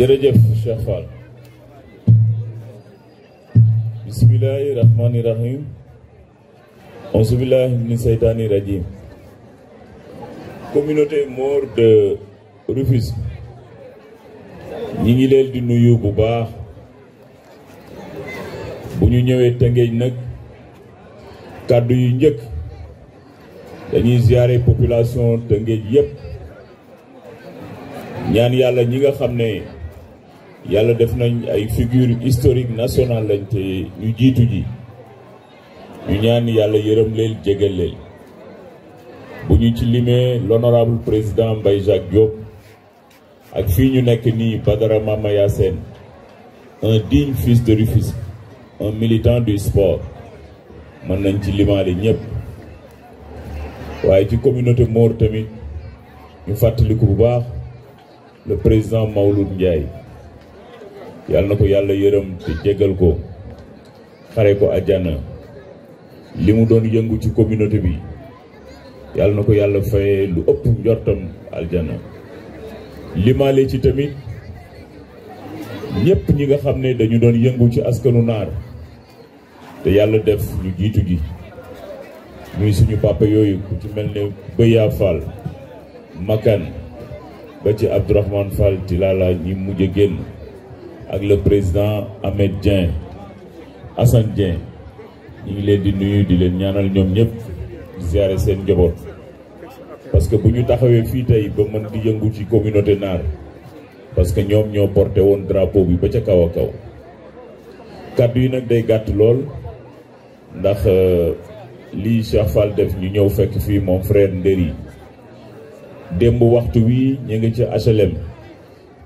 jërëjëf Cheikh Fall bismillahi rahmani rahim auzu billahi min seytaani rajim communauté Mor de Rufisque ñi ngi leen di nuyu bu baax bu ñu ñëwee Tëngéej nag kàddu yu njëkk dañuy ziare population Tëngéej yépp ñaan yàlla ñi nga xam ne yàlla def nañ ay figure historique nationale lañ te ñu jiitu ji ñu ñaan yàlla yërëm leen jégal leen bu ñu ci limee l'honorable président mbay Jacques Diop ak fii ñu nekk nii Badara Mamaya Sène un digne fils de Rufisque un militant du sport mën nañ ci limaale ñëpp waaye ci communauté Mor tamit ñu fàttaliku bu baax le président Mawlud Ndiaye yàlla na ko yàlla yërëm te jéggal ko xare ko àjjana li mu doon yëngu ci communauté bi yàlla na ko yàlla fayee lu ëpp njortam aljana limaale ci tamit ñëpp ñi nga xam ne dañu doon yëngu ci askanu naar te yàlla def ñu jiitu gi muy suñu papa yooyu ku ci mel ne Bëya Fall Makan ba ci Abdourahmane Fall Tilala ñi mujj génn ak le président Ahmed Dieng Assane Dieng ñu ngi leen di nuyu di leen ñaanal ñoom ñëpp di ziare seen njaboot parce que bu ñu taxawee fii tey ba mën di yëngu ci communauté naar parce que ñoom ñoo porté woon drapeau bi ba ca kaw a kaw kàddu yi nag day gàtt lool ndax euh, lii Cheikh Fall def ñu ñëw fekk fii moom frère Nderi démb waxtu wii ñu ngi ci HLM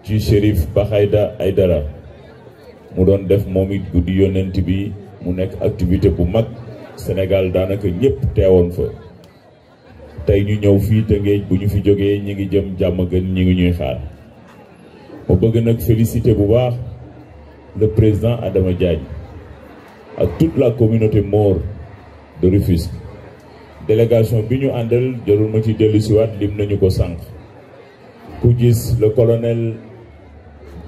ci Chérif Bahayda dara mu doon def moom it guddi yonent bi mu nekk activité bu mag Sénégal daanaka ñëpp teewoon fa tey ñu ñëw fii Tëngéej bu ñu fi jógee ñi ngi jëm jàmm gën ñi ngi ñuy xaar ma bëgg nag félicité bu baax le président Adama Diagne ak toute la communauté maure de Rufisque délégation bi ñu àndal jarul ma ci dellusiwaat lim nañu ko sànq ku gis le colonel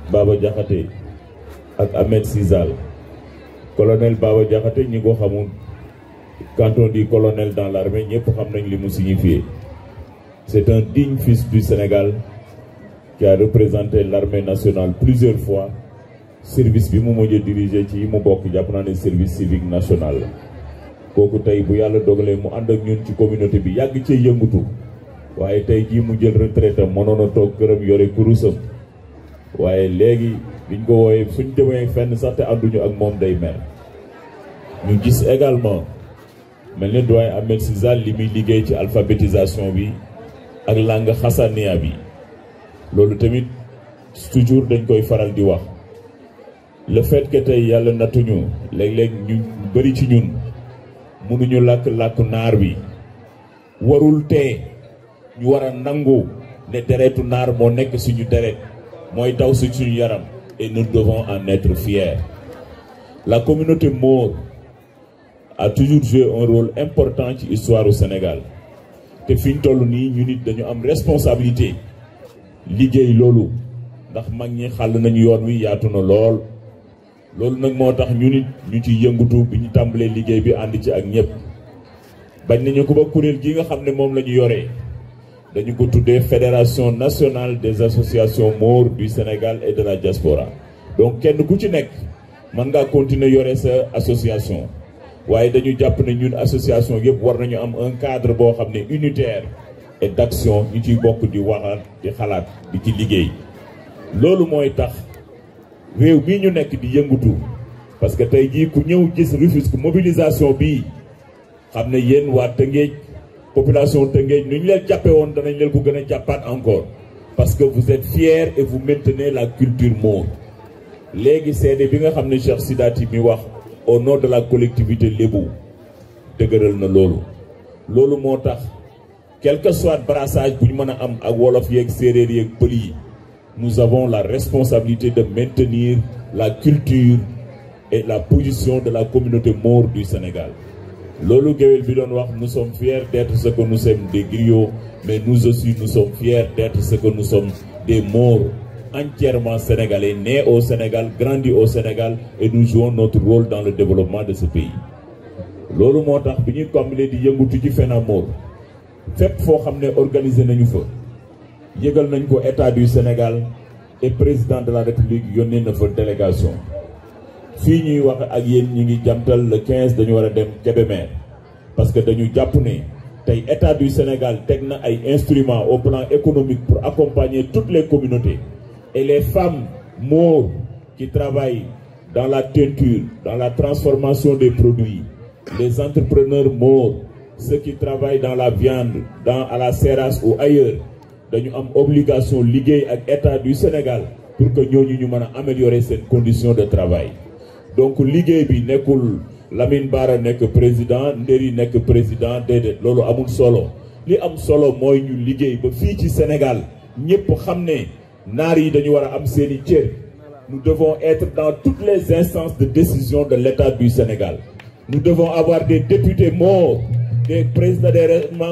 Baba Diakhaté ak Ahmed Sizal colonel Baba ñi ko xamul quand di dit colonel dans l'armée ñëpp xam nañ li mu signifié c'est un digne fils du Sénégal qui a représenté l'armée nationale plusieurs fois service bi mu mujj a dirigé ci yi mu bokk jàpp naa ne service civique national kooku tey bu yàlla dogalee mu ànd ak ñun ci communauté bi yàgg cee yëngutu waaye tey jii mu jël retraite am mënoon a toog këram yore kurusam waaye léegi biñ ko wooyee fuñ demee fenn sax te ànduñu ak moom day mer ñu gis également mel ni doyen Ahmed Sizal li muy liggéey ci alphabétisation bi ak langue xasaniya bi loolu tamit toujours dañ koy faral di wax le fait que tey yàlla nattuñu léeg-léeg ñu bëri ci ñun mënuñu làkk-làkk naar bi warul tee ñu war a nangu ne deretu naar moo nekk suñu deret mooy daw si suñu yaram et nous devons en être fiers la communauté maure a toujours joué un rôle important ci histoire au Sénégal te fi ñu toll nii ñu nit dañu am responsabilité liggéey loolu ndax mag ñi xàll nañu yoon wi yaatu na lool loolu nag moo tax ñu nit ñu ci yëngutu bi ñu tàmbalee liggéey bi ànd ci ak ñëpp bañ nañu ko ba kuréel gi nga xam ne moom la ñu yoree dañu ko tuddee fédération nationale des associations maures du Sénégal et de la donc kenn ku ci nekk man nga continuer yore sa association waaye dañu jàpp ne ñun association yëpp war nañu am un cadre boo xam ne unitaire et d'action ñu ciy bokk di waxaat di xalaat bi ci liggéey loolu mooy tax réew mii ñu nekk di yëngutu parce que tey jii ku ñëw gis Rufisque mobilisation bii xam ne yéen waa Tëngéej population Tëngéej nu ñu leen jàppe woon danañ leen bu gën a jàppaat encore parce que vous êtes fiers et vous maintenez la culture Mor léegi seede bi nga xam ne Cheikh Sidati mi wax au nom de la collectivité lébu dëgëral na loolu loolu moo tax quelque soit brassage bu ñu mën a am ak wolof yeeg séeréer yeeg pël yi nous avons la responsabilité de maintenir la culture et la position de la communauté maure du Sénégal loolu géwel bi doon wax nous sommes fiers d'être ce que nous sommes des griots mais nous aussi nous sommes fiers d'être ce que nous sommes des Maures entièrement sénégalais nés au Sénégal grandis au Sénégal et nous jouons notre rôle dans le développement de ce pays loolu moo tax bi ñuy tàmbalee di yëngutu ci FENAMOR fépp foo xam ne organiser nañu fa yëgal nañ ko état du Sénégal et président de la République yónnee na fa délégation fii ñuy wax ak yéen ñi ngi jantal le 15 dañu war a dem Kébémer parce que dañu jàpp ne tey état du Sénégal teg na ay instruments au plan économique pour accompagner toutes les communautés et les femmes maures qui travaillent dans la teinture dans la transformation des produits les entrepreneurs maures ceux qui travaillent dans la viande dans à la serras ou ailleurs dañu am obligation liggéey ak état du Sénégal pour que ñooñu ñu mën a améliorer seen condition de travail donc liggéey bi nekkul Lamine Bara nekk président Ndéri nekk président déedéet loolu amul solo li am solo mooy ñu liggéey ba fii ci Sénégal ñëpp xam ne naar yi dañu war a am seeni cër nous devons être dans toutes les instances de décision de l'État du Sénégal nous devons avoir des députés morts des présidents des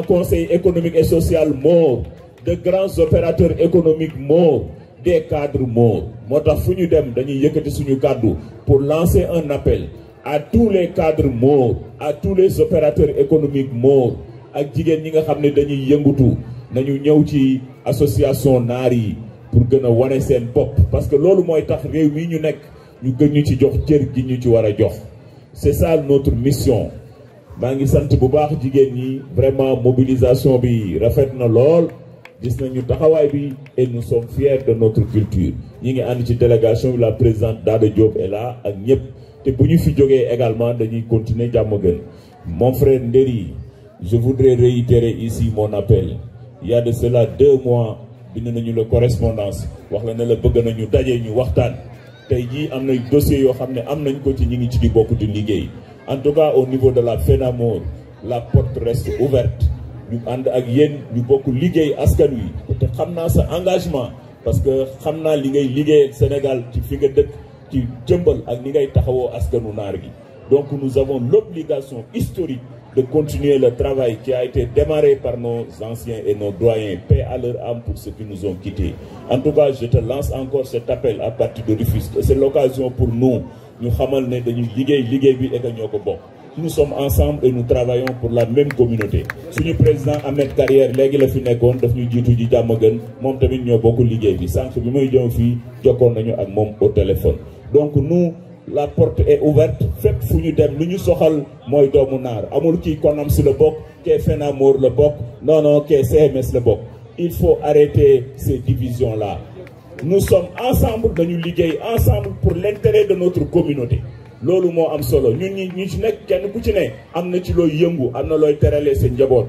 conseils économique et social moo de grands opérateurs économiques moo des cadres morts moo tax fu ñu dem dañuy yëkkati suñu kàddu pour lancer un appel à tous les cadres morts à tous les opérateurs économiques morts ak jigéen ñi nga xam ne dañuy yëngutu nañu ñëw ci association naar yi pour gën a wane seen bopp parce que loolu mooy tax réew mi ñu nekk ñu gën ñu ci jox cër gi ñu ci war a jox c'est ça notre mission maa ngi sant bu baax jigéen ñi vraiment mobilisation bi rafet na lool gis nañu taxawaay bi et nous sommes fiers de notre culture ñi ngi ànd ci délégation bi la présidente Dada Diop est ak ñëpp te bu ñu fi jógee également dañuy continuer jàmm gën mon frère Nderi je voudre réitérer ici mon appel il y a de cela deux mois bind nañu la correspondance wax la ne la bëgg nañu daje ñu waxtaan tey jii am na dossier yoo xam ne am nañ ko ci ñi ngi ci di bokk di liggéey en tout cas au niveau de la FENAMOR la porte reste ouverte ñu ànd ak yéen ñu bokk liggéey askan wi te xam naa sa engagement parce que xam naa li ngay liggéey Sénégal ci fi nga dëkk ci jëmbal ak ni ngay taxawoo askanu naar gi donc nous avons l'obligation historique de continuer le travail ci ay été démarré par nos anciens et nos doyens. Paix à leur âme pour ceux qui nous ont quittés. En tout cas, je te lance encore cet appel à partir de Rufus. C'est l'occasion pour nous, nous savons que nous avons et que nous nous sommes ensemble et nous travaillons pour la même communauté suñu président Ahmed Carrière léegi la fi nekkoon daf ñu jiitu ji jàmm gën moom tamit ñoo bokk liggéey bi sànq bi muy jëm fii jokkoon nañu ak moom au téléphone. donc nous la porte est ouverte fépp fu ñu dem lu ñu soxal mooy doomu naar amul kii konam si la bokk kee Fenamor la bokk non non kee CMS la bokk il faut arrêter ces divisions là nous sommes ensemble dañu liggéey ensemble pour l'intérêt de notre communauté. loolu moo am solo ñun ñi ñu ci nekk kenn ku ci nee am na ci loo yëngu am na looy teralee seen njaboot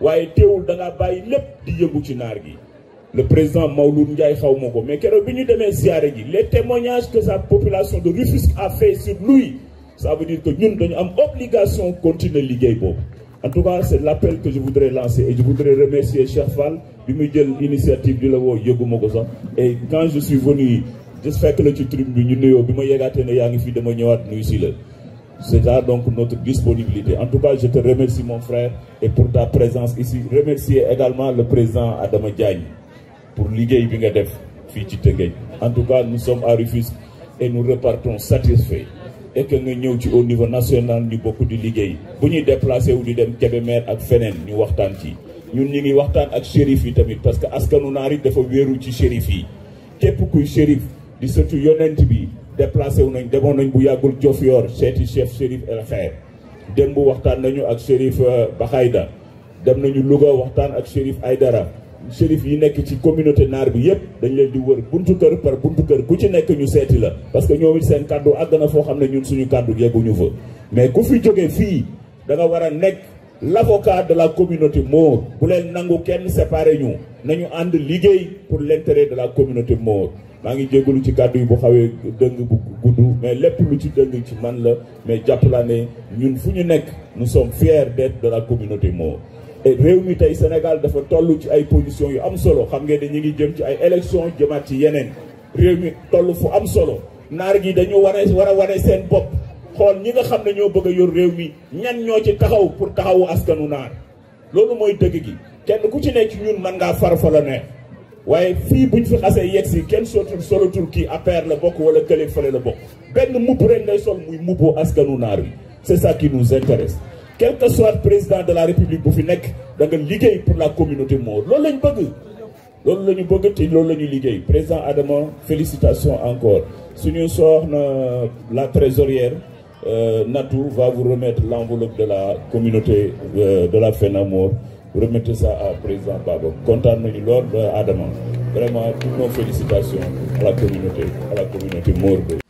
waaye teewul da ngaa bàyyi lépp di yëngu ci naar gi le président Maouloud njaay xaw ma ko mais keroog bi ñu demee siyaare ji les témoignages que sa population de Rufisque a fait sur lui ça veut dire que ñun dañu am obligation continuer liggéey boobu en tout cas c'est l'appel que je voudrais lancer et je voudrais remercier Cheikh Fall bi muy jël initiative di la woo yëguma ko so et quand je suis juste fekk la ci tribune bi ñu nuyoo bi ma yegaatee ne yaa ngi fi dama ñëwaat nuyu si la c'est ça donc notre disponibilité en tout cas je te remercie mon frère et pour ta présence ici remercier également le président Adama Diagne pour liggéey bi nga def fii ci Tëngéej en tout cas nous sommes à Rufisque et nous repartons satisfaits et nga ñëw ci au niveau national ñu bokk di liggéey bu ñuy déplacé wu di dem Kébémer ak feneen ñu waxtaan ci ñun ñu ngi waxtaan ak shérif yi tamit parce que askanu naar yi dafa wéeru ci shérif yi képp kuy shérif di sëtu yonent bi déplacé wu nañ demoon nañ bu yàggul Diofior seeti chef Chérif El Khair démb waxtaan nañu ak Chérif euh, Bakhayda dem nañu Louga waxtaan ak Chérif Aydara chérif yi nekk ci communauté naar bi yëpp dañ leen di wër buntu kër par buntu kër ku ci nekk ñu seeti la parce que ñoom seen kàddu àgg na foo xam ne ñun suñu kàddu yegguñu fa mais ku fi jóge fii danga war a nekk l'avocat de la communauté Maure bu leen nangu kenn séparé ñu nañu ànd liggéey pour l'intérêt de la communauté Maure maa ngi jégalu ci kàddu yi bu xawee dëng bu gudd mais lépp lu ci dëng ci man la mais jàpp laa ne ñun fu ñu nekk nous sommes fiers d'être de la communauté Maure et réew mi tey Sénégal dafa toll ci ay positions yu am solo xam nga ne ñu ngi jëm ci ay élections jëmaat ci yeneen réew mi toll fu am solo naar gi dañu wane war a wane seen bopp xool ñi nga xam ne ñoo bëgg a yor réew mi ñan ñoo ci taxaw pour taxawu askanu naar loolu mooy dëgg gi kenn ku ci ne ci ñun mën ngaa far la neex waaye fii bu buñ fi xasee yegg si kenn sootul solotul kii APR la bokk wala kële fële la bokk benn mubb rek ngay sol muy mubbu askanu naar bi c'est ça qui nous intéresse quel que soit président de la république bu fi nekk da nga liggéey pour la communauté moo loolu lañu bëgg loolu la ñu bëgg te loolu la ñu liggéey président Adama félicitations encore suñu soxna la trésorière euh, Natou va vous remettre l'enveloppe de la communauté euh, de la FENAMOR remettez ça à président Baba kontaan nañu lool euh, Adama vraiment toutes nos félicitations à la communauté à la communauté Mor Beye